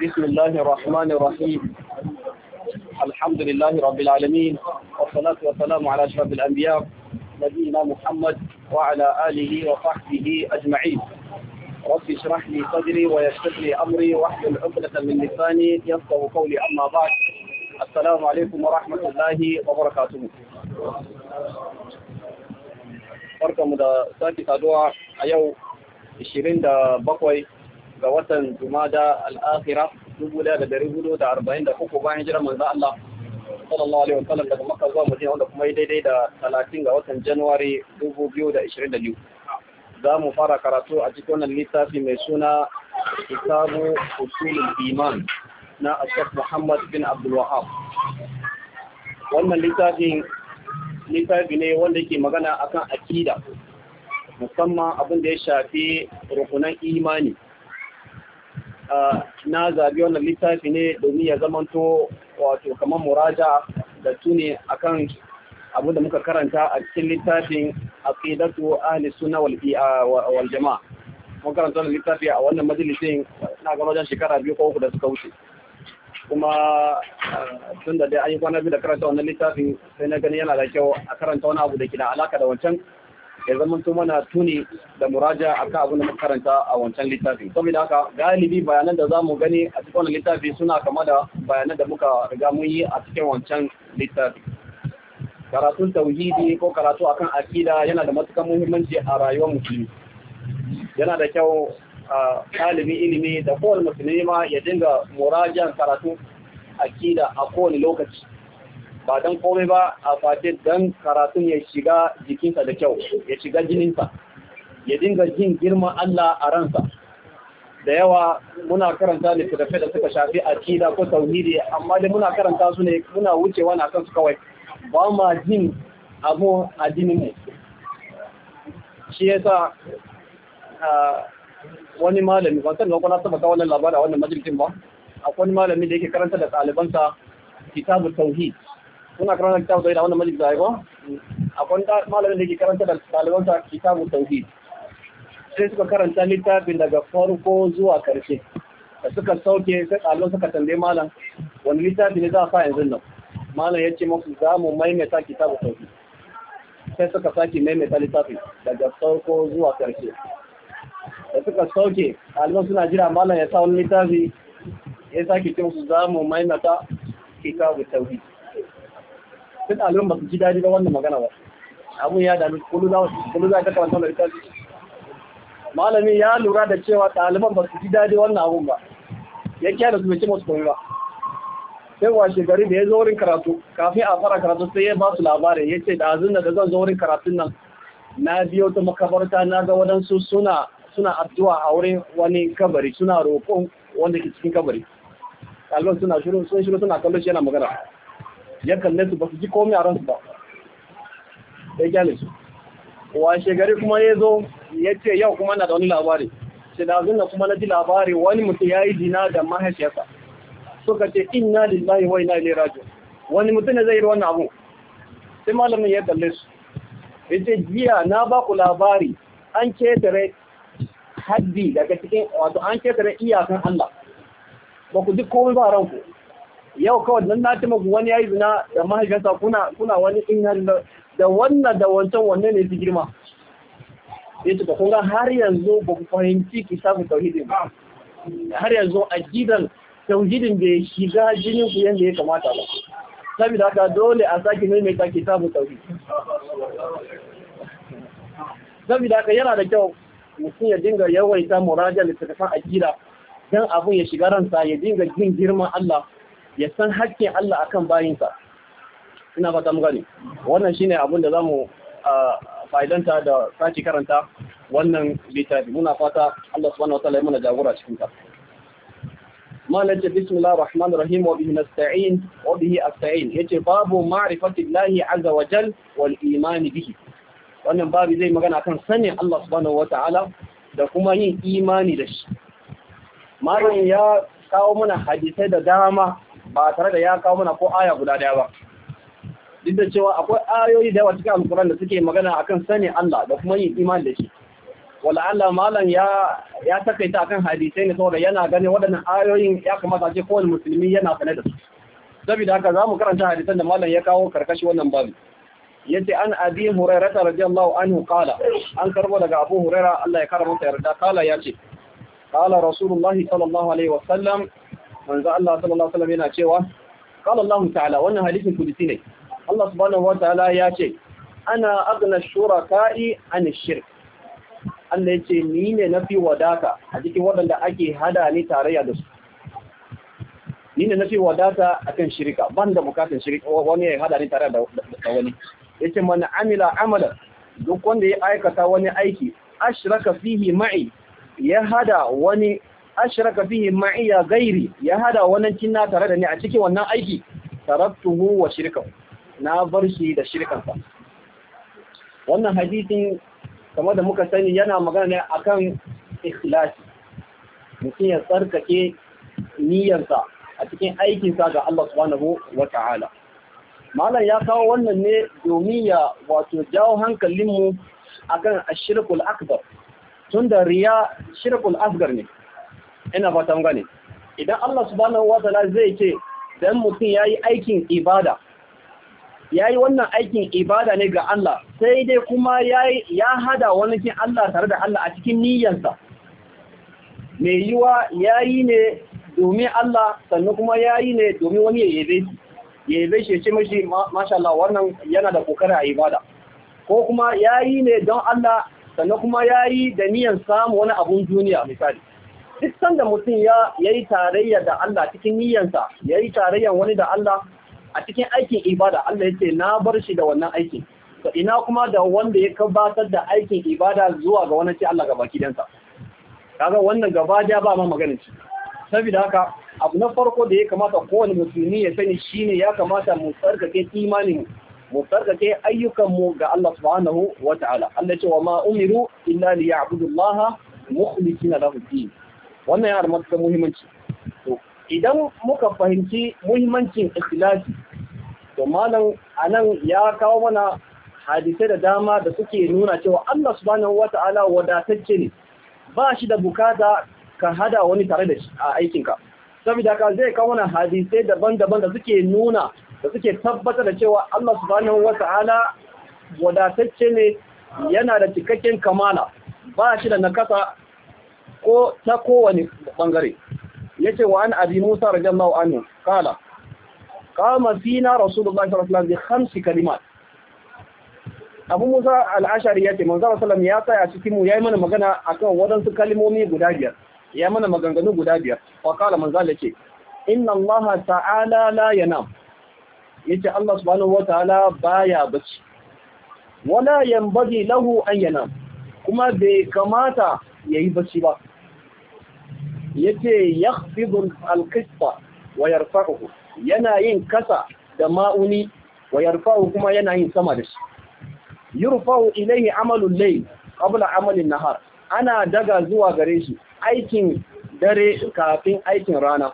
بسم الله الرحمن الرحيم الحمد لله رب العالمين والصلاة والسلام على أشرف الأنبياء نبينا محمد وعلى آله وصحبه أجمعين رب اشرح لي صدري ويسر لي أمري واحلل عقدة من لساني يفقه قولي أما بعد السلام عليكم ورحمة الله وبركاته barkanmu ذا sake saduwa a 27 ga watan Jumada al da 1443 bayan jiran manzo Allah sallallahu alaihi wasallam daga Makka zuwa Madina wanda kuma yi daidai da 30 ga watan January 2022 za mu fara karatu a cikin wannan littafi mai suna Kitabu Usulul Iman na Ashraf Muhammad bin Abdul Wahab wannan littafin littafi ne wanda yake magana akan akida musamman abin da ya shafi rukunan imani na zabi wannan littafi ne domin ya zamanto wato kamar muraja da tuni akan abin da muka karanta a cikin littafin aqidatu ahli suna wal jamaa mun karanta wannan littafi a wannan majalisin na gano wajen shekara biyu ko uku da suka wuce kuma tun da dai an yi kwanar biyu da karanta wannan littafin sai na gani yana da kyau a karanta wani abu da ke da alaka da wancan ya zama to mana tuni da muraja akan abin da muka a wancan littafi saboda haka galibi bayanan da zamu gani a cikin wannan littafi suna kama da bayanan da muka riga mun yi a cikin wancan littafi karatun tauhidi ko karatu akan akida yana da matukar muhimmanci a rayuwar musulmi yana da kyau a ɗalibin ilimi da kowane musulmi ma ya dinga murajan karatu akida a kowane lokaci ba don komai ba a face don karatun ya shiga jikinsa da kyau ya shiga jininsa ya dinga jin girma Allah a ransa da yawa muna karanta littattafai da suka shafi akida ko tauhidi amma dai muna karanta su ne muna wucewa na kansu kawai ba ma jin abu a jininmu shi yasa wani malami ban sani kuna saba kawo wannan labarin a wannan majalisin ba akwai wani malami da yake karanta da ɗalibansa kitabu tauhid suna karanta kitabu tauhid a wannan majalisa ko akwai malamin da ke karanta da ɗalibansa kitabu tauhid sai suka karanta littafin daga farko zuwa karshe da suka sauke sai ɗaliban suka tambaye malam wani littafi ne za a sa yanzu nan malam ya ce masu za mu maimaita kitabu tauhid sai suka sake maimaita littafin daga farko zuwa karshe da suka sauke ɗaliban suna jira malam ya sa wani littafi ya sake ce musu za mu maimaita kitabu tauhid sai ɗaliban ba su ji daɗi ba wannan magana ba abun ya dami kullu za kullu za ka karanta wannan Malami malamin ya lura da cewa ɗaliban ba su ji daɗi wannan abun ba ya kyara su bai ce musu komai ba sai washe gari da ya zo wurin karatu kafin a fara karatu sai ya ba su labarin ya ce ɗazun da zan zo wurin karatun nan na biyo ta makabarta na ga waɗansu suna suna addu'a a wurin wani kabari suna roƙon wanda ke cikin kabari ɗaliban suna shiru sun shiru suna kallon shi yana magana ya kalle su ba su ji komai a ransu ba ya kyale su washe gari kuma ya zo ya ce yau kuma na da wani labari ce da zina kuma na ji labari wani mutum ya yi dina da mahaifiyarsa suka ce inna lillahi wa inna ilaihi raji'un wani mutum ne zai yi wannan abu sai malamin ya kalle su ya ce jiya na ba ku labari an ketare haddi daga cikin wato an ketare iyakan Allah ba ku ji komai ba ranku yau kawai nan na taimaka wani yayi zina da mahaifinsa kuna kuna wani in da wannan da wancan wanne ne fi girma ya ce kun ga har yanzu ba ku fahimci kitabun tauhidin ba har yanzu a gidan tauhidin bai shiga jinin ku yanda ya kamata ba saboda haka dole a sake maimaita kitabun tauhid saboda haka yana da kyau mutum ya dinga yawaita muraja a gida don abin ya shiga ransa ya dinga jin girman Allah ya san haƙƙin Allah akan bayinsa ina fata mu gani wannan shine abin da zamu fa'idanta da sake karanta wannan littafi muna fata Allah subhanahu wataala ya mana jagora cikin ta malam ce bismillahir rahmanir rahim wa bihi nasta'in wa bihi asta'in ce babu ma'rifatillahi azza wa jal wal imani bihi wannan babu zai magana kan sanin Allah subhanahu wataala da kuma yin imani da shi malam ya kawo mana hadisai da dama ba tare da ya kawo mana ko aya guda daya ba duk da cewa akwai ayoyi da yawa cikin alkur'an da suke magana akan sani Allah da kuma yin imani da shi wala Allah malam ya ya takaita akan hadisai ne saboda yana gane waɗannan ayoyin ya kamata ce kowane musulmi yana sanar da su saboda haka zamu karanta hadisan da malam ya kawo karkashi wannan babu yace an abi hurairata radiyallahu anhu qala an karbo daga abu huraira Allah ya karama sa yarda kala yace qala rasulullahi sallallahu alaihi wasallam manzo Allah sallallahu alaihi wasallam yana cewa qala Allah ta'ala wannan hadisin kudisi ne Allah subhanahu wa ta'ala ya ce ana aghna shuraka'i an shirk Allah ya ce ni ne nafi wadata a cikin waɗanda ake hada ni tarayya da su ni ne nafi wadata akan shirka ban bukatun shirka wani ya hada ni tarayya da wani yace man amila amala duk wanda ya aikata wani aiki ashraka fihi ma'i ya hada wani ashraka fihi ma'iya gairi ya hada wannan cinna tare da ni a cikin wannan aiki taraktuhu wa shirkahu na bar shi da shirkansa wannan hadisin kamar da muka sani yana magana ne akan ikhlasi mutum ya tsarkake niyyarsa a cikin aikinsa ga Allah subhanahu wa ta'ala malam ya kawo wannan ne domin ya wato jawo hankalinmu akan ashirkul akbar tun da riya shirkul asgar ne ina fatan gane idan Allah subhanahu wataala zai ce dan mutum yayi aikin ibada yayi wannan aikin ibada ne ga Allah sai dai kuma yayi ya hada wani kin Allah tare da Allah a cikin niyyarsa mai yiwa yayi ne domin Allah sannan kuma yayi ne domin wani ya shi ya shi ce mashi masha Allah wannan yana da kokari a ibada ko kuma yayi ne don Allah sannan kuma yayi da niyyar samu wani abun duniya misali duk sanda mutum ya yi tarayya da Allah cikin niyyansa yi tarayyan wani da Allah a cikin aikin ibada Allah ya ce na bar shi da wannan aikin to ina kuma da wanda ya kabatar da aikin ibada zuwa ga wani ce Allah gaba kidansa kaga wannan gaba da ba ma magana ci saboda haka abu na farko da ya kamata kowane musulmi ya sani shine ya kamata mu tsarkake imanin mu tsarkake ayyukan mu ga Allah subhanahu wataala Allah ce wa ma umiru illa liya'budu Allah mukhlishina lahu din wannan yana da matuƙar muhimmanci to idan muka fahimci muhimmancin ikhlasi to malam anan ya kawo mana hadisai da dama da suke nuna cewa Allah subhanahu wata'ala wadatacce ne ba shi da bukata ka hada wani tare da shi a aikinka saboda ka zai kawo mana hadisai daban-daban da suke nuna da suke tabbatar da cewa Allah subhanahu wata'ala wadatacce ne yana da cikakken kamala ba shi da nakasa ko ta kowane bangare ce, wa an abi musa radiyallahu anhu qala qama fina rasulullahi sallallahu alaihi wasallam bi khamsi kalimat abu musa al'ashari ya ce manzo sallallahu alaihi ya tsaya cikin mu yi mana magana a kan wadansu kalimomi guda biyar ya mana maganganu guda biyar wa Kala manzo ce, inna allaha ta'ala la yanam ce, allah subhanahu wataala baya bacci wala yanbaghi lahu an yanam kuma bai kamata yayi bacci ba yace yakhfidu al-qista wa yarfa'uhu yana yin kasa da ma'uni wa yarfa'u kuma yana yin sama da shi yurfa'u ilayhi amalul layl qabla amalin nahar ana daga zuwa gare shi aikin dare kafin aikin rana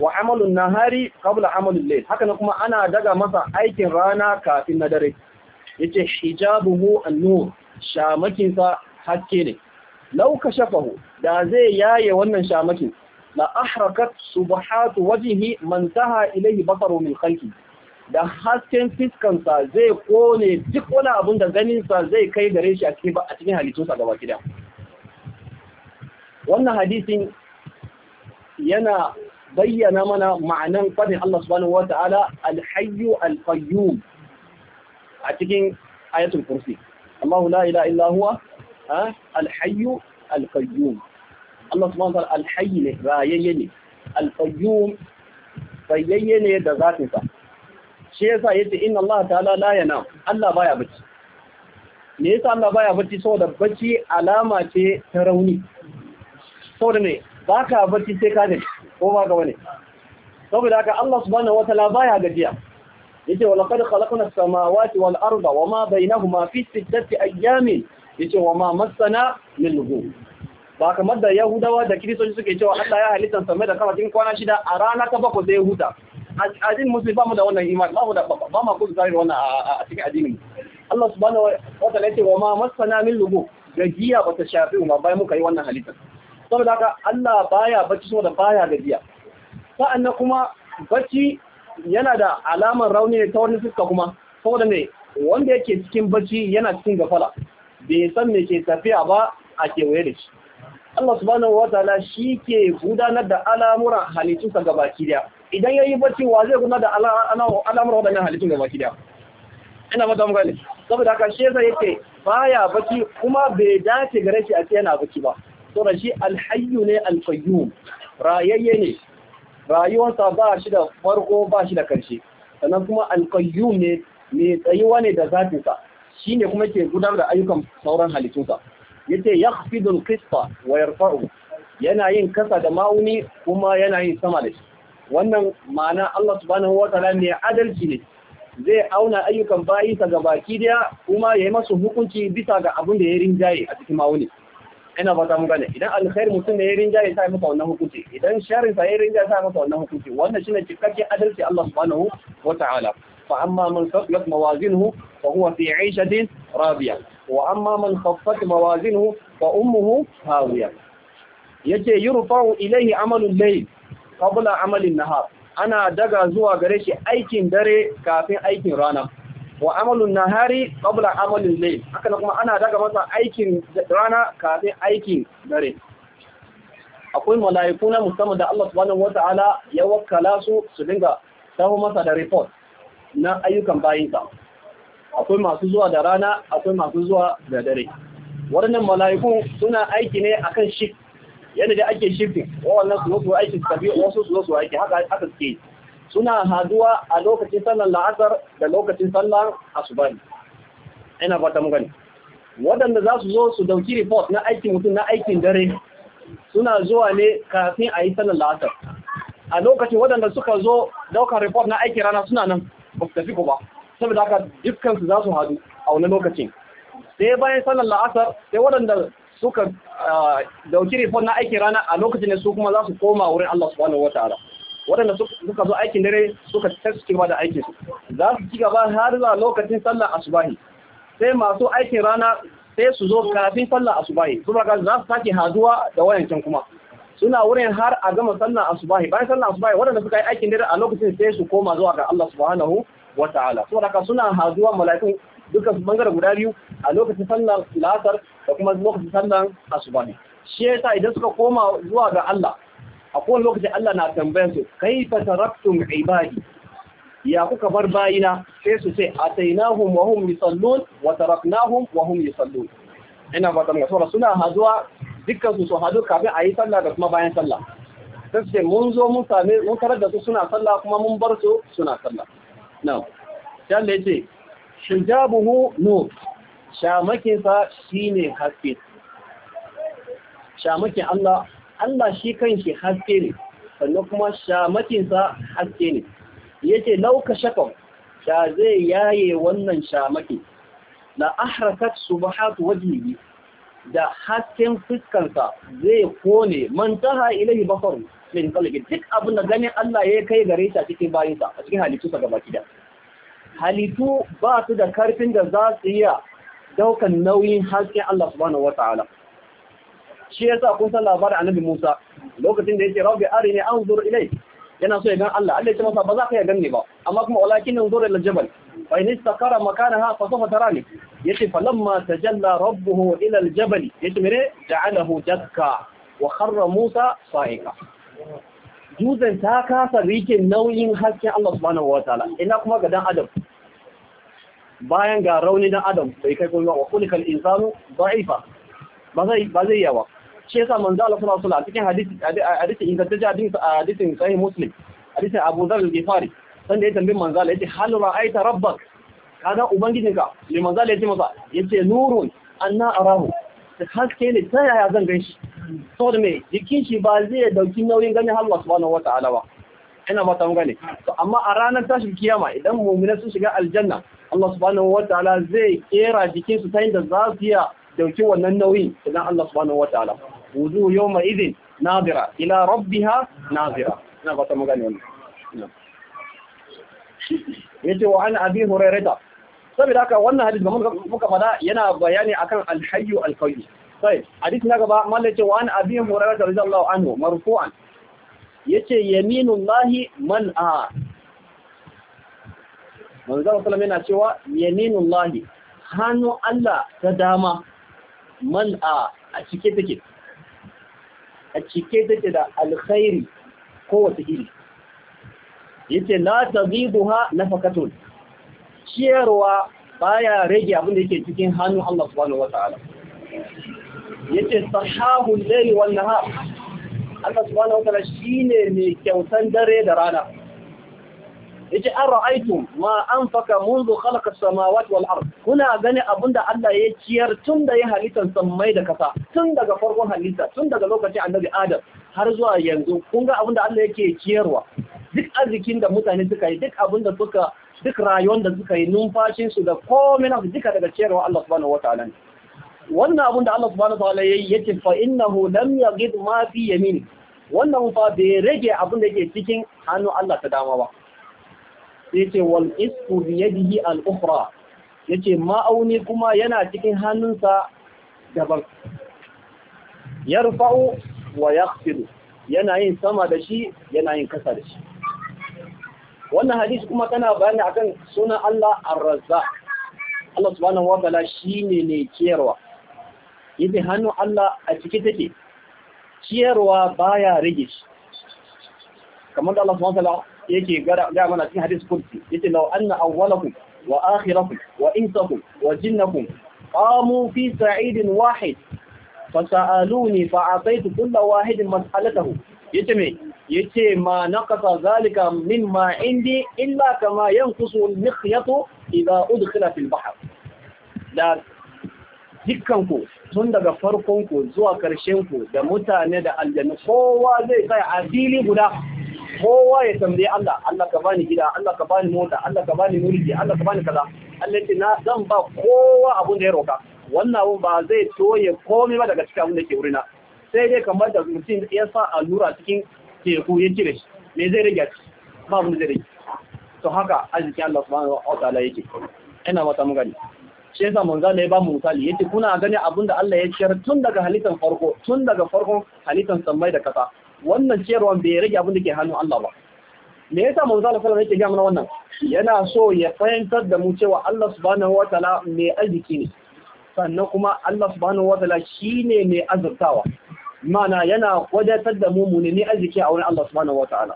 wa amalun nahari qabla amalul layl haka kuma ana daga masa aikin rana kafin na dare yace hijabuhu an-nur shamakinsa haske ne Lauka Shafahu da zai yaye wannan shamakin la ahrakat subhatu wajhi man taha ilayhi basaru min khalqi da hasken sa zai kone duk wani abun da ganinsa zai kai gare shi a cikin a cikin halittunsa gaba kida wannan hadisin yana bayyana mana ma'anan fadin Allah subhanahu wata'ala al-hayyu al-qayyum a cikin ayatul kursi Allahu la ilaha illa huwa alhayu alkayyum Allah subhanahu wa ta'ala alhayi ne rayayye ne alkayyum rayayye ne da zatinsa shi yasa yace inna Allah ta'ala la na Allah baya bacci me yasa Allah baya bacci saboda bacci alama ce ta rauni saboda ne ka bacci sai ka gaji ko ba ga wani saboda haka Allah subhanahu wataala baya gajiya yace wa laqad khalaqna as-samawati wal arda wama bainahuma fi sittati ayyamin yace wa ma masana min lugu ba kamar da yahudawa da kristoci suke cewa Allah ya halitta sama da kafa cikin kwana shida a rana ta bako sai huta addinin musulmi ba mu da wannan imani ba mu da ba ma ku zari wannan a cikin addinin Allah subhanahu wa ta'ala yace wa ma masana min lugu gajiya ba ta shafi mu bayan muka yi wannan halitta saboda haka Allah baya bacci saboda baya gajiya sa'annan kuma bacci yana da alaman rauni ta wani fuska kuma saboda ne wanda yake cikin bacci yana cikin gafala bai san me ke tafiya ba a kewaye da shi Allah subhanahu wa ta'ala shi ke gudanar da al'amuran halittunsa gaba baki Idan idan yayi bacci wa zai gudanar da al'amuran waɗannan halittun gaba baki ina mata muka ne saboda haka shi yasa yake baya bacci kuma bai dace gare shi a ce yana bacci ba to da shi alhayyu ne alqayyum rayayye ne rayuwarsa ba shi da farko ba shi da karshe sannan kuma alqayyum ne mai tsayuwa ne da zafinsa shi ne kuma ke gudanar da ayyukan sauran halittunsa Ya don qista wa yarfa'u yana yin kasa da ma'uni kuma yana yin sama da shi wannan ma'ana Allah subhanahu wa ta'ala ne adalci ne zai auna ayyukan bayi ga baki daya kuma ya yi masu hukunci bisa ga abin da ya rinjaye a cikin ma'uni ina fata mun gane idan alkhair mutum ne ya rinjaye sai masa wannan hukunci idan sharinsa sa ya rinjaye sai masa wannan hukunci wannan shine cikakken adalci Allah subhanahu wa ta'ala فأما من ثقلت موازينه فهو في عيشة رابية وأما من خفت موازينه فأمه هاوية yace yurfa'u ilayhi amalul layl ana daga zuwa gare shi aikin dare kafin aikin rana wa amalun nahari qabla amalin layl haka kuma ana daga masa aikin rana kafin aikin dare akwai mala'iku na musamman da Allah subhanahu wata'ala ya wakkala su su dinga tawo masa da report na ayyukan bayinsa akwai masu zuwa da rana akwai masu zuwa da dare waɗannan mala'iku suna aiki ne akan shift yadda da ake shifting wannan su zo aiki su tafi wasu su zo aiki haka haka suke suna haduwa a lokacin sallar la'asar da lokacin sallar asubahi ina fata mun gani waɗanda za su zo su dauki report na aikin mutum na aikin dare suna zuwa ne kafin a yi sallar la'asar a lokacin waɗanda suka zo daukar report na aikin rana suna nan ba su tafi ba saboda haka dukkan za su hadu a wani lokacin sai bayan sallar la'asar sai waɗanda suka dauki rifon na aikin rana a lokacin ne su kuma za su koma wurin Allah subhanahu wataala waɗanda suka zo aikin dare suka ba da aikin su za su ci gaba har zuwa lokacin sallar asubahi sai masu aikin rana sai su zo kafin sallar asubahi ga za su sake haduwa da wayancan kuma suna wurin har a gama sallan asubahi bayan sallan asubahi waɗanda suka yi aikin dare a lokacin sai su koma zuwa ga Allah subhanahu wa ta'ala saboda haka suna hazuwa mala'ikun dukkan su bangare guda biyu a lokacin sallan lasar da kuma lokacin sallan asubahi shi yasa idan suka koma zuwa ga Allah a kowane lokaci Allah na tambayar su kaifa taraktum ibadi ya kuka bar bayina sai su sai, atainahum wa hum yusallun wa taraknahum wa hum yusallun ina fatan ga suna hazuwa dukkan su sahabu hadu kafin a yi sallah da kuma bayan sallah sai ce mun zo mun same mun tarar da su suna sallah kuma mun bar su suna sallah na'am sai Allah ya ce shijabuhu nur shamakin sa shine haske shamakin Allah Allah shi kanshi haske ne sannan kuma shamakin sa haske ne yace lauka shakam sha zai yaye wannan shamaki la ahrakat subahat wajhihi da hasken fuskansa zai kone mantaha ilahi basaru min qalbi duk abin da ganin Allah ya kai gare shi a cikin bayinsa a cikin halittu sa gaba kida halittu ba su da karfin da za su iya daukan nauyin hasken Allah subhanahu wataala shi yasa kun san labarin annabi Musa lokacin da yake rabbi arini anzur ilai yana so ya gan Allah Allah ya ce masa ba za ka ya ne ba amma kuma walakin anzur ila jabal fa in istakara makanaha fa sawfa tarani yace falamma tajalla rabbuhu ila aljabal yace mere ja'alahu dakka wa kharra musa sa'ika dutsen ta kasa rike nauyin hasken Allah subhanahu wataala ina kuma ga dan adam bayan ga rauni adam bai kai kuma wa kulikal ba zai ba yawa shi yasa manzo Allah sallallahu alaihi wasallam cikin hadisi hadisi ingantacce hadisin muslim hadisin Abu Dharr al sanda ya tambayi manzo Allah yace hal ra'aita rabbak kaga ubangijinka li manzo Allah yace masa ce nurun anna arahu haske ne ta yaya zan gan shi saboda mai jikin shi ba zai dauki nauyin ganin Allah subhanahu wata'ala ba ina ba ta mun gane to amma a ranar tashin kiyama idan mu'mina sun shiga aljanna Allah subhanahu wata'ala zai kera jikin su ta yadda za su iya dauki wannan nauyin idan Allah subhanahu wata'ala wuzu yawma idin nadira ila rabbiha nadira ina ba ta mun gane wannan yace wa an abi hurairah saboda haka wannan hadith da muka fada yana bayani akan al-hayyu al-qayyum sai hadisi na gaba mallai ce wa an abi hurairah radiyallahu anhu marfu'an yace yaminullahi man a manzo sallallahu yana cewa yaminullahi hannu Allah ta dama man a a cike take a cike take da alkhairi kowace iri yace la tazibuha nafakatun ciyarwa baya rage abin da yake cikin hannun Allah subhanahu wataala yace sahahu al-layli wan nahar Allah subhanahu wataala shine mai kyautan dare da rana yace an ra'aytum ma anfaka منذ خلق wal والارض kuna gani abinda Allah ya ciyar tun da ya halittar samai da kasa tun daga farkon halitta tun daga lokacin annabi Adam har zuwa yanzu kun ga abinda Allah yake ciyarwa duk arzikin da mutane suka yi duk abin da suka duk rayuwar da suka yi numfashin su da komai na duka daga cewa Allah subhanahu wataala ne wannan abin da Allah subhanahu wataala yayi yace fa innahu lam yaghid ma fi yamin wannan fa bai rage abin da yake cikin hannu Allah ta dama ba sai ce wal isku bi yadihi al ukhra yace ma'auni kuma yana cikin hannunsa daban yarfa'u wa yakhfidu yana yin sama da shi yana yin kasa da shi wannan hadisi kuma kana bayani akan sunan Allah ar-razza Allah subhanahu wa ta'ala shine ne ciyarwa yace hannu Allah a ciki take ciyarwa baya rage shi kamar da Allah subhanahu wa ta'ala yake ga mana cikin hadisi kursi yace law anna awwalakum wa akhirakum wa insakum wa jinnakum qamu fi sa'idin wahid فسألوني فأعطيت كل واحد مسألته yace me yace ma naqata zalika mimma indi illa kama yanqusu al-mikhyatu idha udkhila fil bahr da dikkan ku tun daga farkon ku zuwa karshen ku da mutane da aljanna kowa zai sai a fili guda kowa ya tambaye Allah Allah ka bani gida Allah ka bani mota Allah ka bani mulki Allah ka bani kaza Allah ce na zan ba kowa abun da ya roka wannan abun ba zai toye komai ba daga cikin abun da ke wurina sai dai kamar da mutum ya sa allura cikin teku ya cire shi me zai rage ba mu zai rage to haka arziki Allah subhanahu wa ta'ala yake ina mata mun gani shi yasa mun ne ba mu misali yace kuna gani abin da Allah ya ciyar tun daga halittar farko tun daga farkon halittar samai da kasa wannan ciyarwan bai rage abin da ke hannun Allah ba me yasa mun Allah sallallahu alaihi wasallam yake ga mana wannan yana so ya fahimtar da mu cewa Allah subhanahu wa ta'ala mai arziki ne sannan kuma Allah subhanahu wa ta'ala shine mai azurtawa mana yana wadatar da mu ni arziki a wurin Allah subhanahu wataala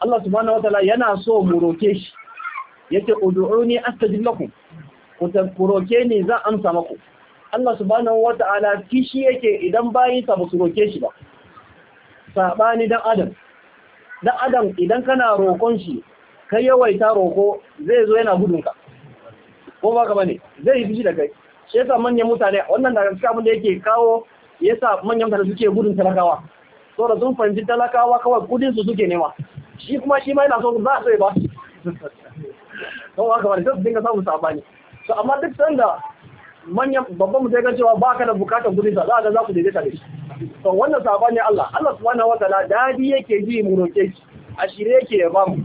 Allah subhanahu wataala yana so mu roke shi yace ud'uni astajib lakum ku roke ni zan amsa maku Allah subhanahu wataala kishi yake idan bayin sa ba su roke shi ba sabani dan adam dan adam idan kana roƙon shi kai yawaita roƙo zai zo yana gudun ka ko ba ka bane zai yi fushi da kai shi yasa manyan mutane wannan da gaskiya abin da yake kawo yasa manyan da suke gudun talakawa da sun fahimci talakawa kawai kudin su suke nema shi kuma shi ma yana so za a so ba don haka ba da sai su dinga samun sabani to amma duk sanda manyan babban mu sai ga cewa ba ka da bukatar kudin sa za ga za ku daidaita da shi to wannan sabani Allah Allah subhanahu ta'ala dadi yake ji mu roke shi a shirye yake ya bamu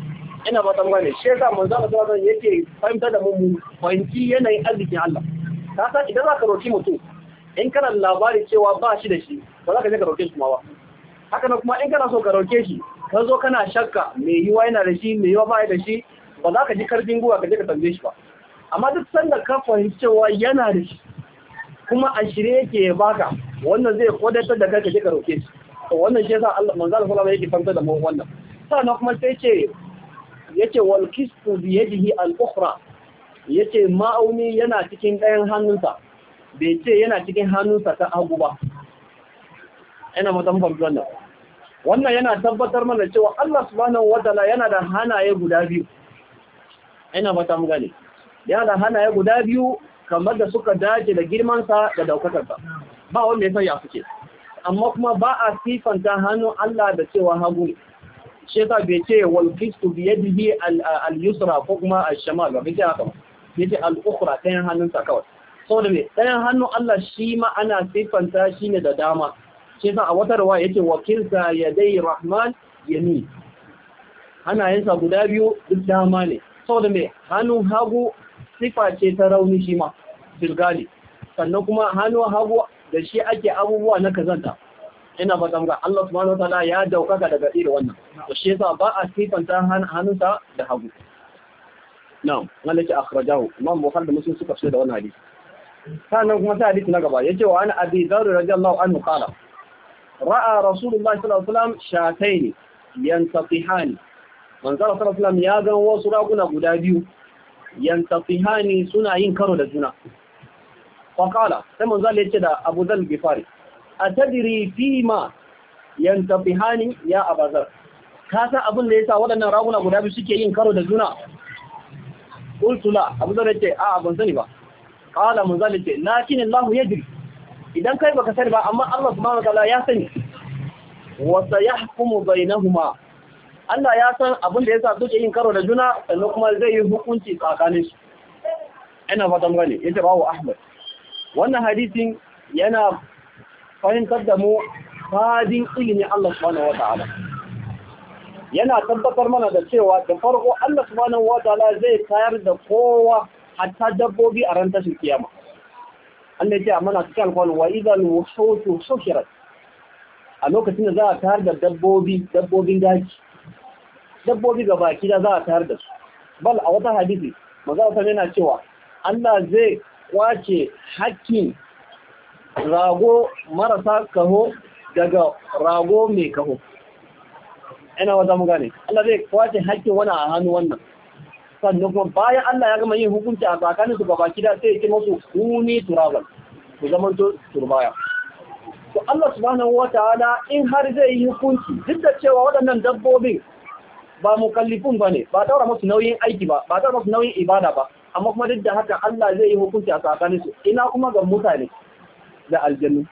ina ba tamba ne shi yasa mun Allah sallallahu alaihi yake fahimta da mu fahimci yanayin arzikin Allah ka san idan za ka roki mutum in kana labari cewa ba shi da shi ba za ka je ka roƙe shi kuma ba haka na kuma in kana so ka roƙe shi ka zo kana shakka mai yiwa yana da shi yi yiwa ba da shi ba za ka ji karfin gwiwa ka je ka tambaye shi ba amma duk sanda ka fahimci cewa yana da shi kuma a shirye yake ya baka wannan zai kodatar da kai ka je ka roƙe shi to wannan shi yasa Allah manzo Allah sallallahu yake fanta da mu wannan sannan kuma sai ce yace wal kistu bi yadihi al ukhra yace ma'auni yana cikin ɗayan hannunsa bai ce yana cikin hannunsa ta hagu ba ina mutum fahimtar da wannan yana tabbatar mana cewa Allah subhanahu wataala yana da hanaye guda biyu ina mutum gani yana da hanaye guda biyu kamar da suka dace da girmansa da daukatarsa ba wanda ya san suke amma kuma ba a sifanta hannun Allah da cewa hagu ne shi bai ce wal fistu bi yadihi al yusra ko kuma al shamal ba bai ce haka ba bai ce al ukhra ta hannunsa kawai saboda mai, ɗayan hannun Allah shi ma ana siffanta shi ne da dama shi sa a wata rawa yake wakilta ya dai rahman yami hannayensa guda biyu duk dama ne saboda mai, hannun hagu siffa ce ta rauni shi ma bilgali sannan kuma hannun hagu da shi ake abubuwa na kazanta ina ba tamga Allah subhanahu wataala ya daukaka daga irin wannan to shi yasa ba a siffanta hannunsa da hagu na'am malaki akhrajahu imam bukhari da muslim suka fice da wannan hadisi sannan kuma sai hadisi na gaba yace wa an abi dharr radiyallahu anhu qala ra'a rasulullahi sallallahu alaihi wasallam shatayn yantatihani manzo sallallahu alaihi wasallam ya ga wasu raguna guda biyu yantatihani suna yin karo da juna fa qala sai manzo ya yace da Abu Dhar Gifari atadri fima yantatihani ya abazar ka san abin da yasa waɗannan raguna guda biyu suke yin karo da juna qultu la Abu Dhar yace a ban sani ba qala munzalike lakin Allah jiri. idan kai baka sani ba amma Allah subhanahu wataala ya sani wa sayahkumu bainahuma Allah ya san abin da yasa suke yin karo da juna sannan kuma zai yi hukunci tsakanin su ina fatan ya yace bawo Ahmad wannan hadisin yana fahimtar da mu fadin ilimin Allah subhanahu ta'ala yana tabbatar mana da cewa da farko Allah subhanahu ta'ala zai tayar da kowa hatta dabbobi a ranta tashin kiyama Allah ce a mana cikin alkwal wa idan wuhutu a lokacin da za a tayar da dabbobi dabbobin daji dabbobi ga baki da za a tayar da su bal a wata hadisi maza ta yana cewa Allah zai kwace hakkin rago marasa kaho daga rago mai kaho ina wata mu gane Allah zai kwace hakkin wani a hannu wannan sannan kuma bayan Allah ya gama yin hukunci a tsakanin su gaba kida sai ya ce musu kuni turaban ku zamanto turbaya to Allah subhanahu wataala in har zai yi hukunci duk da cewa waɗannan dabbobin ba mukallifun bane ba taura musu nauyin aiki ba ba taura musu nauyin ibada ba amma kuma duk da haka Allah zai yi hukunci a tsakanin su ina kuma ga mutane da Aljanu,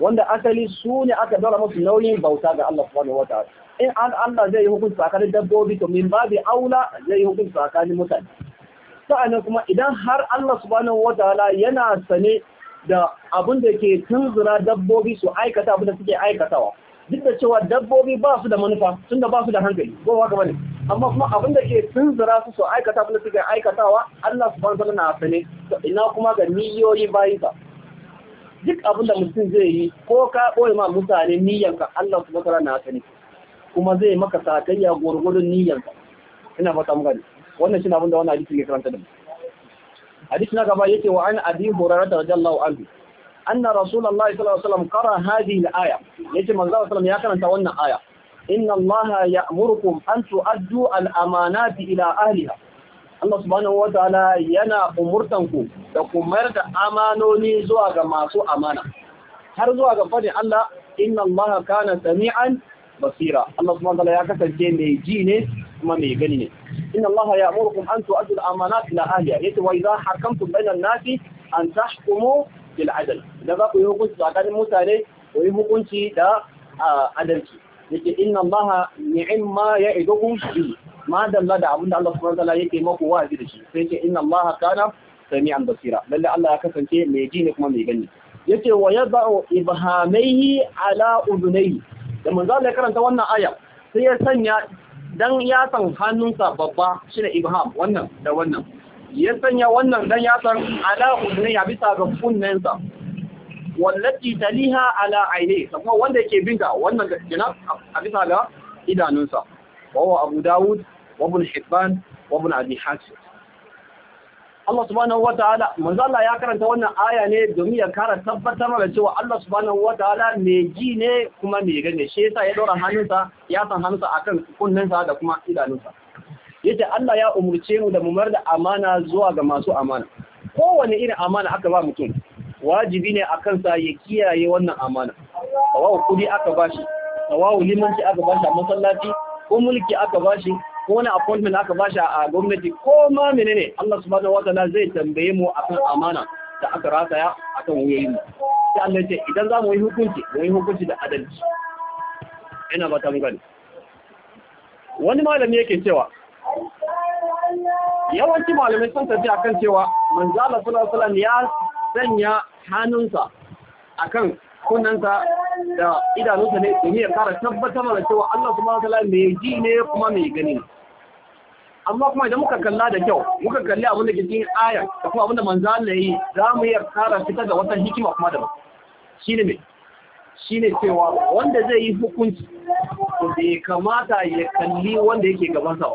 wanda asali su ne aka daura musu nauyin bauta ga Allah subhanahu wataala in an Allah zai yi hukunci tsakanin dabbobi to min babi aula zai yi hukunci tsakanin mutane sa'annan kuma idan har Allah subhanahu wataala yana sane da abin da ke tunzura dabbobi su aikata abin da suke aikatawa duk da cewa dabbobi ba su da manufa tun da ba su da hankali ko haka bane amma kuma abin da ke tunzura su su aikata abin da suke aikatawa Allah subhanahu wataala na sane to ina kuma ga niyoyi ba? duk abin da mutum zai yi ko ka ɓoye ma mutane niyyanka Allah subhanahu wataala na sane kuma zai maka sakayya gwargwadon niyyarka ina fata muka ne wannan shi abin da wannan hadisi ke karanta da mu hadisi na gaba yake wa an abi hurairah radiyallahu anhu anna rasulullahi sallallahu alaihi wasallam qara hadhihi al-aya yace manzo sallallahu ya karanta wannan aya inna allaha ya'murukum an tu'addu al-amanati ila ahliha Allah subhanahu wa ta'ala yana umurtanku da kumar da amanoni zuwa ga masu amana har zuwa ga fadin Allah inna allaha kana sami'an basira Allah subhanahu wa ta'ala ya kasance mai ji ne kuma mai gani ne inna Allah ya amurukum an tu'addu al-amanat ila ahliha yace wa idha hakamtum bayna an-nasi an tahkumu bil adl da za ku yi hukunci tsakanin mutane ko yi hukunci da adalci yake inna Allah ni'ma ya'idukum bi ma dalla da abinda Allah subhanahu wa ta'ala yake maku wa'azi da shi sai yake inna Allah kana sami'an basira lalle Allah ya kasance mai ji ne kuma mai gani yace wa yada'u ibhamaihi ala udunayhi da manzo ya karanta wannan aya sai ya sanya dan yatsan hannunsa babba shine ibham wannan da wannan ya sanya wannan dan yatsan ala udni ya bisa ga kunnensa wallati taliha ala aini kuma wanda yake binka wannan kina a bisa ga idanunsa wa Abu Dawud wa Ibn Hibban wa Ibn Abi Hatim Allah subhanahu ta'ala manzo Allah ya karanta wannan aya ne domin ya kara tabbatar da cewa Allah subhanahu ta'ala mai ji ne kuma mai gane shi yasa ya dora hannunsa ya san hannunsa akan kunnensa da kuma idanunsa yace Allah ya umurce mu da mu mar da amana zuwa ga masu amana kowane irin amana aka ba mutum wajibi ne akan kansa ya kiyaye wannan amana tawawu kudi aka bashi tawawu limanci aka bashi a masallaci ko mulki aka bashi ko wani appointment aka bashi a gwamnati ko ma menene Allah subhanahu wataala zai tambaye mu akan amana da aka rataya akan wuyoyin mu sai Allah ya ce idan za mu yi hukunci mu yi hukunci da adalci ina ba ta mu gani wani malami yake cewa yawanci malamai sun tafi akan cewa manzo Allah sallallahu alaihi wasallam ya sanya hannunsa akan kunnansa da idanunsa ne domin ya kara tabbatar da cewa Allah subhanahu wataala mai ji ne kuma mai gani amma kuma idan muka kalla da kyau muka kalli abin da ke cikin aya da kuma abin da manzo Allah yi za mu iya kara fitar da wata hikima kuma daban shine me shine cewa wanda zai yi hukunci to bai kamata ya kalli wanda yake gaban sa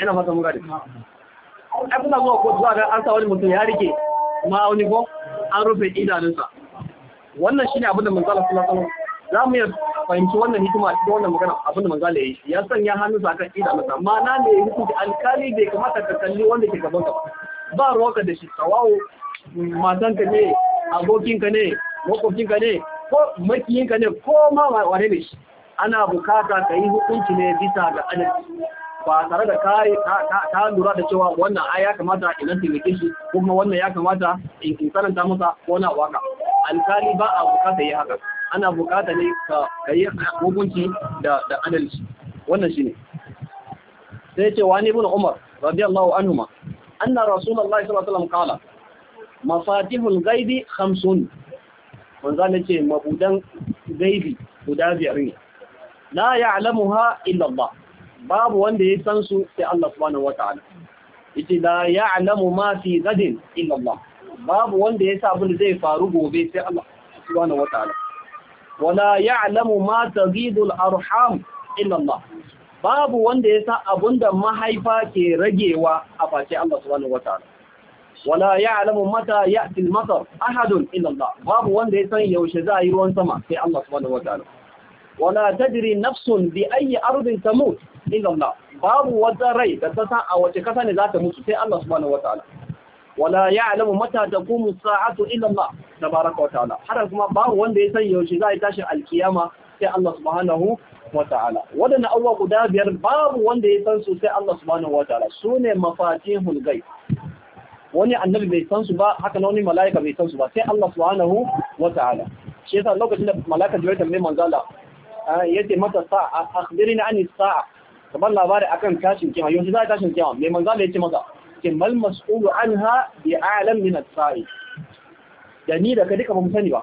ina fata mun gane ai kuma ko zuwa ga an sa wani mutum ya rike ma wani ko an rufe idanunsa wannan shine abin da manzala sallallahu alaihi wasallam za mu iya fahimci wannan hikima cikin wannan magana abin da manzala yayi ya sanya sa kan ida masa amma na ne hukunci alkali bai kamata ka kalli wanda ke gaban ka ba ruwanka da shi tawawo matanka ne abokinka ne ka ne ko makiyinka ne ko ma wane ne shi ana bukata ka yi hukunci ne bisa ga adalci ba tare da ta lura da cewa wannan ai ya kamata in taimake shi kuma wannan ya kamata in sananta masa ko na waka alkali ba a bukata yi haka ana bukata ne ka kayi hukunci da adalci wannan shine sai ce wani ibn umar radiyallahu anhuma anna rasulullahi sallallahu alaihi wasallam kala. mafatihul ghaibi khamsun manzo ne ce mabudan gaibi guda biyar ne la ya'lamuha illa Allah babu wanda ya san su sai Allah subhanahu wataala yace la ya'lamu ma fi gadin illa Allah babu wanda ya sa abin da zai faru gobe sai Allah subhanahu wataala wala ya'lamu ma tazidul arham illa Allah babu wanda ya sa abin da mahaifa ke ragewa a face Allah subhanahu wataala wala ya'lamu mata ya'ti al-matar ahadun illa Allah babu wanda ya san yaushe za a yi ruwan sama sai Allah subhanahu wataala wala tadri nafsun bi ayi ardin tamut illa Allah babu wata rai da ta san a wace kasa ne za ta mutu sai Allah subhanahu wataala wala ya'lamu mata taqumu sa'atu illa Allah tabaaraka wa ta'ala har kuma babu wanda ya san yaushe za a tashi alkiyama sai Allah subhanahu wa ta'ala wadannan abubuwa guda biyar babu wanda ya san su sai Allah subhanahu wa ta'ala sune mafatihul ghaib wani annabi bai san su ba haka na wani mala'ika bai san su ba sai Allah subhanahu wa ta'ala shi yasa lokacin da mala'ika jibril tambaye manzala ah, ce mata sa'a akhbirni an sa'a kamar labari akan tashin kiyama yaushe za a tashin kiyama mai manzala ya ce maza. ce mal mas'ulu anha bi alam min na sai da ni da ka duka ban sani ba